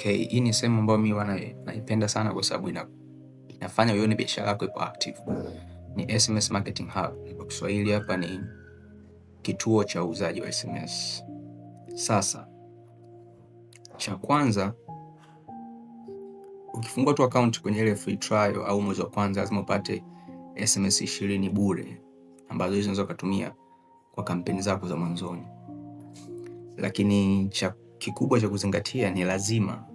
okay. Hii ni sehemu ambayo mi wana naipenda sana kwa sababu ina, inafanya uone biashara yako ipo active. Ni SMS Marketing Hub kwa Kiswahili, hapa ni kituo cha uuzaji wa SMS. Sasa cha kwanza ukifungua tu account kwenye ile free trial au mwezi wa kwanza, lazima upate SMS 20 bure ambazo hizo unaweza kutumia kwa kampeni zako za mwanzoni, lakini cha kikubwa cha kuzingatia ni lazima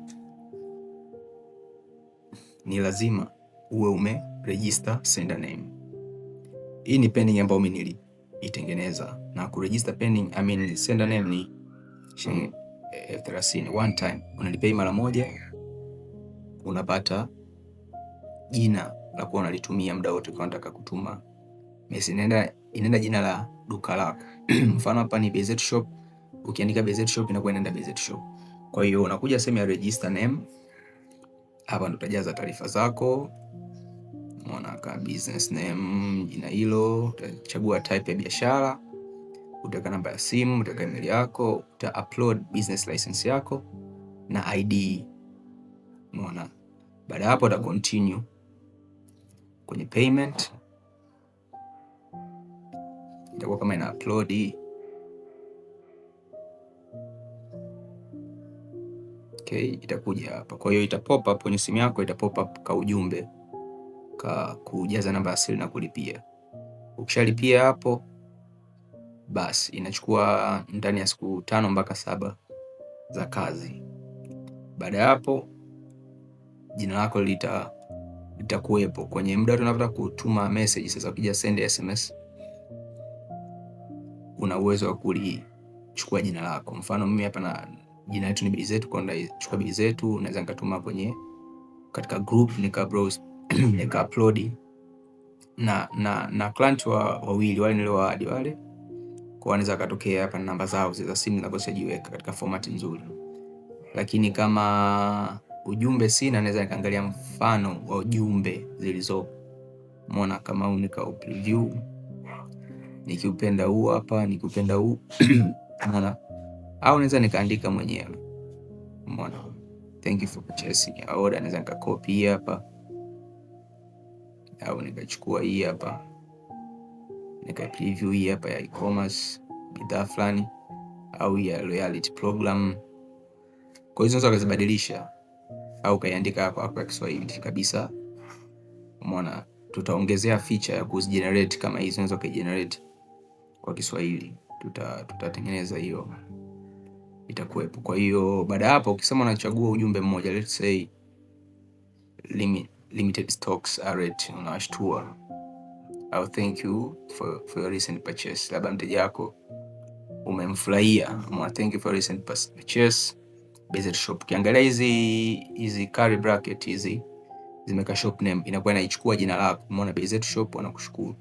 ni lazima uwe ume register sender name. Hii ni pending ambayo mimi nilitengeneza na ku register pending, I mean sender name ni shilingi elfu eh, thelathini one time, unalipei mara moja, unapata jina la kuwa unalitumia muda wote kwa unataka kutuma mesi, inaenda inaenda jina la duka lako mfano hapa ni BZ Shop, ukiandika BZ Shop inakuwa inaenda Bezet Shop. Kwa hiyo unakuja sehemu ya register name hapa ndo utajaza taarifa zako, umeona ka business name, jina hilo, utachagua type ya biashara, utaweka namba ya simu, utaweka email yako, uta upload business license yako na ID. mona baada hapo uta continue kwenye payment, itakuwa kama ina upload k itakuja hapa. Kwa hiyo ita pop up kwenye simu yako, ita pop up ka ujumbe ka kujaza namba ya siri na kulipia. Ukishalipia hapo, basi inachukua ndani ya siku tano mpaka saba za kazi. Baada ya hapo, jina lako lita litakuwepo kwenye muda tunapata kutuma message. Sasa ukija send sms, una uwezo wa kulichukua jina lako. Mfano mimi hapa na jina letu ni bidii zetu, kwa chukua bidii zetu, naweza nikatuma kwenye katika group nika browse nika upload na na na client wa wawili wale niliowaadi wale, kwa wanaweza katokea hapa na namba zao za simu na kusajiweka katika format nzuri, lakini kama ujumbe sina, naweza nikaangalia mfano wa ujumbe zilizopo, muona kama huu nika preview, nikiupenda huu hapa, nikiupenda huu au naweza nikaandika mwenyewe. Umeona, thank you for purchasing your order. Naweza nikakopi hii hapa au nikachukua hii hapa nika preview hii hapa ya e-commerce bidhaa fulani au ya loyalty program. Kwa hizo unaweza kuzibadilisha au kaiandika hapo hapo kwa Kiswahili kabisa. Umeona, tutaongezea feature ya kuzigenerate kama hizo, unaweza kuigenerate kwa Kiswahili, tutatengeneza tuta hiyo itakuwepo. Kwa hiyo baada hapo, ukisema unachagua ujumbe mmoja let's say limit, limited stocks are at, unawashtua au thank you for, for your recent purchase. Labda mteja wako umemfurahia, mwa thank you for your recent purchase Bezel Shop. Ukiangalia hizi hizi curly bracket hizi zimeka shop name, inakuwa inaichukua jina lako, umeona Bezel Shop, wanakushukuru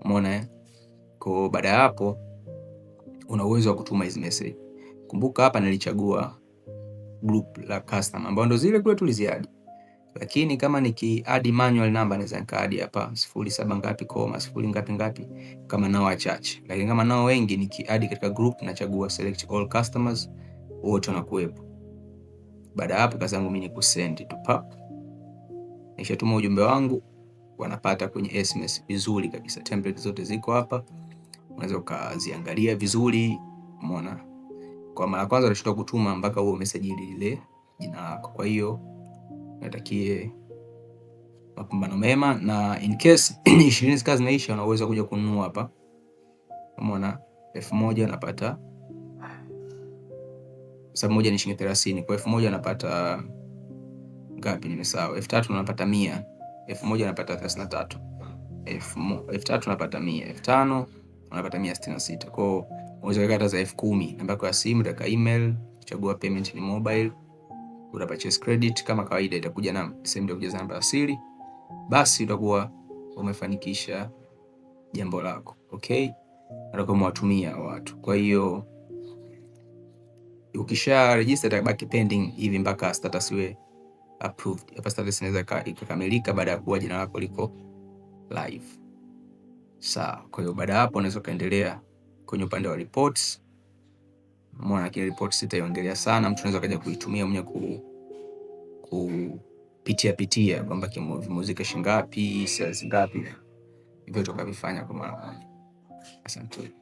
umeona. Eh? Kwa baada ya hapo, una uwezo wa kutuma hizi message. Kumbuka hapa nilichagua group la custom ambao ndo zile kule tuliziadi, lakini kama niki add manual number naweza nika add hapa sifuri saba ngapi koma sifuri ngapi ngapi, kama nao wachache. Lakini kama nao wengi, niki add katika group nachagua select all customers, wote wanakuwepo. Baada hapo, kazi yangu mimi ni kusend tu pap, nishatuma ujumbe wangu wanapata kwenye SMS vizuri kabisa. Template zote ziko hapa, unaweza ukaziangalia vizuri, umeona kwa mara kwanza unashindwa kutuma mpaka huo umesajili ile jina lako. Kwa hiyo natakie mapambano mema, na in case ishirini zikaa zinaisha, unaweza kuja kununua hapa. Umeona, elfu moja unapata sabu moja ni shilingi therasini Kwa elfu moja unapata ngapi? Nimesahau. elfu tatu unapata mia. elfu moja unapata thelathini na tatu. elfu tatu unapata mia. elfu tano unapata mia sitini na sita kwao Unaweza kuweka hata za elfu kumi yako ya simu, taka email, chagua payment ni mobile, uta purchase credit kama kawaida, itakuja na sehemu ya kujaza namba ya siri, basi utakuwa umefanikisha jambo lako. Okay, utakuwa umewatumia watu. Kwa hiyo ukisha register itabaki pending hivi mpaka status iwe approved. Hapa status inaweza ikakamilika baada ya kuwa jina lako liko live. Sawa, kwa hiyo baada hapo unaweza kaendelea kwenye upande wa reports. Umeona kile reports sitaiongelea sana, mtu anaweza kaja kuitumia mwenye ku kupitia pitia kwamba kimeuzika shingapi, sales ngapi, hivyo tukavifanya kwa mara moja. Asante.